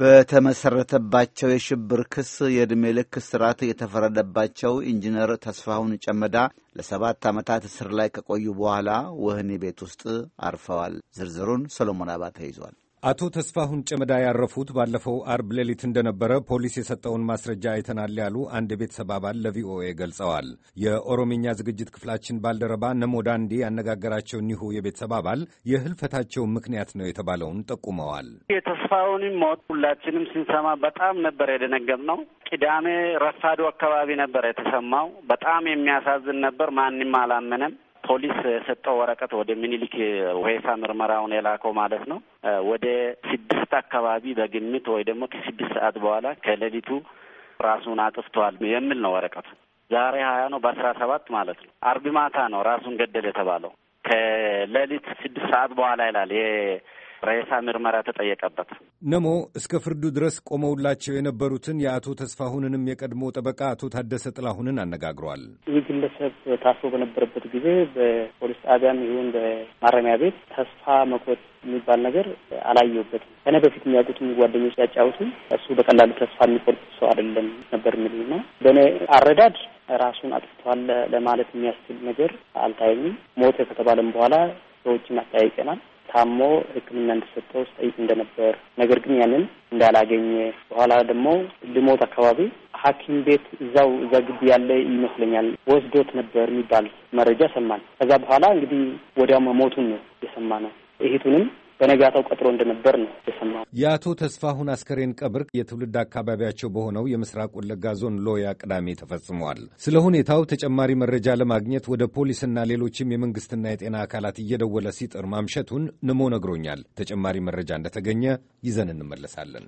በተመሰረተባቸው የሽብር ክስ የዕድሜ ልክ እስራት የተፈረደባቸው ኢንጂነር ተስፋሁን ጨመዳ ለሰባት ዓመታት እስር ላይ ከቆዩ በኋላ ወህኒ ቤት ውስጥ አርፈዋል። ዝርዝሩን ሰሎሞን አባተ ይዟል። አቶ ተስፋሁን ጨመዳ ያረፉት ባለፈው አርብ ሌሊት እንደነበረ ፖሊስ የሰጠውን ማስረጃ አይተናል ያሉ አንድ የቤተሰብ አባል ለቪኦኤ ገልጸዋል። የኦሮምኛ ዝግጅት ክፍላችን ባልደረባ ነሞዳንዴ ያነጋገራቸው እኒሁ የቤተሰብ አባል የህልፈታቸው ምክንያት ነው የተባለውን ጠቁመዋል። የተስፋሁንም ሞት ሁላችንም ስንሰማ በጣም ነበር ነው። ቅዳሜ ረፋዶ አካባቢ ነበር የተሰማው። በጣም የሚያሳዝን ነበር። ማንም አላመነም። ፖሊስ የሰጠው ወረቀት ወደ ሚኒሊክ ወይፋ ምርመራውን የላከው ማለት ነው። ወደ ስድስት አካባቢ በግምት ወይ ደግሞ ከስድስት ሰዓት በኋላ ከሌሊቱ ራሱን አጥፍተዋል የሚል ነው ወረቀቱ። ዛሬ ሀያ ነው በአስራ ሰባት ማለት ነው። አርብ ማታ ነው ራሱን ገደል የተባለው ከሌሊት ስድስት ሰዓት በኋላ ይላል። ሬሳ ምርመራ ተጠየቀበት። ነሞ እስከ ፍርዱ ድረስ ቆመውላቸው የነበሩትን የአቶ ተስፋሁንንም የቀድሞ ጠበቃ አቶ ታደሰ ጥላሁንን አነጋግሯል። ይህ ግለሰብ ታስሮ በነበረበት ጊዜ በፖሊስ ጣቢያም ይሁን በማረሚያ ቤት ተስፋ መቁረጥ የሚባል ነገር አላየሁበትም። ከኔ በፊት የሚያውቁት ጓደኞች ያጫውቱ እሱ በቀላሉ ተስፋ የሚቆርጥ ሰው አይደለም ነበር የሚልና በእኔ አረዳድ ራሱን አጥፍቷል ለማለት የሚያስችል ነገር አልታየኝም። ሞተ ከተባለም በኋላ ሰዎችን አጠያይቀናል። ታሞ ሕክምና እንዲሰጠው ስጠይቅ እንደነበር ነገር ግን ያንን እንዳላገኘ በኋላ ደግሞ ልሞት አካባቢ ሐኪም ቤት እዛው እዛ ግቢ ያለ ይመስለኛል ወስዶት ነበር የሚባል መረጃ ሰማን። ከዛ በኋላ እንግዲህ ወዲያው መሞቱን ነው የሰማ ነው። እህቱንም በነጋታው ቀጥሮ እንደነበር ነው የሰማው። የአቶ ተስፋሁን አስከሬን ቀብር የትውልድ አካባቢያቸው በሆነው የምስራቅ ወለጋ ዞን ሎያ ቅዳሜ ተፈጽመዋል። ስለ ሁኔታው ተጨማሪ መረጃ ለማግኘት ወደ ፖሊስና ሌሎችም የመንግስትና የጤና አካላት እየደወለ ሲጥር ማምሸቱን ንሞ ነግሮኛል። ተጨማሪ መረጃ እንደተገኘ ይዘን እንመለሳለን።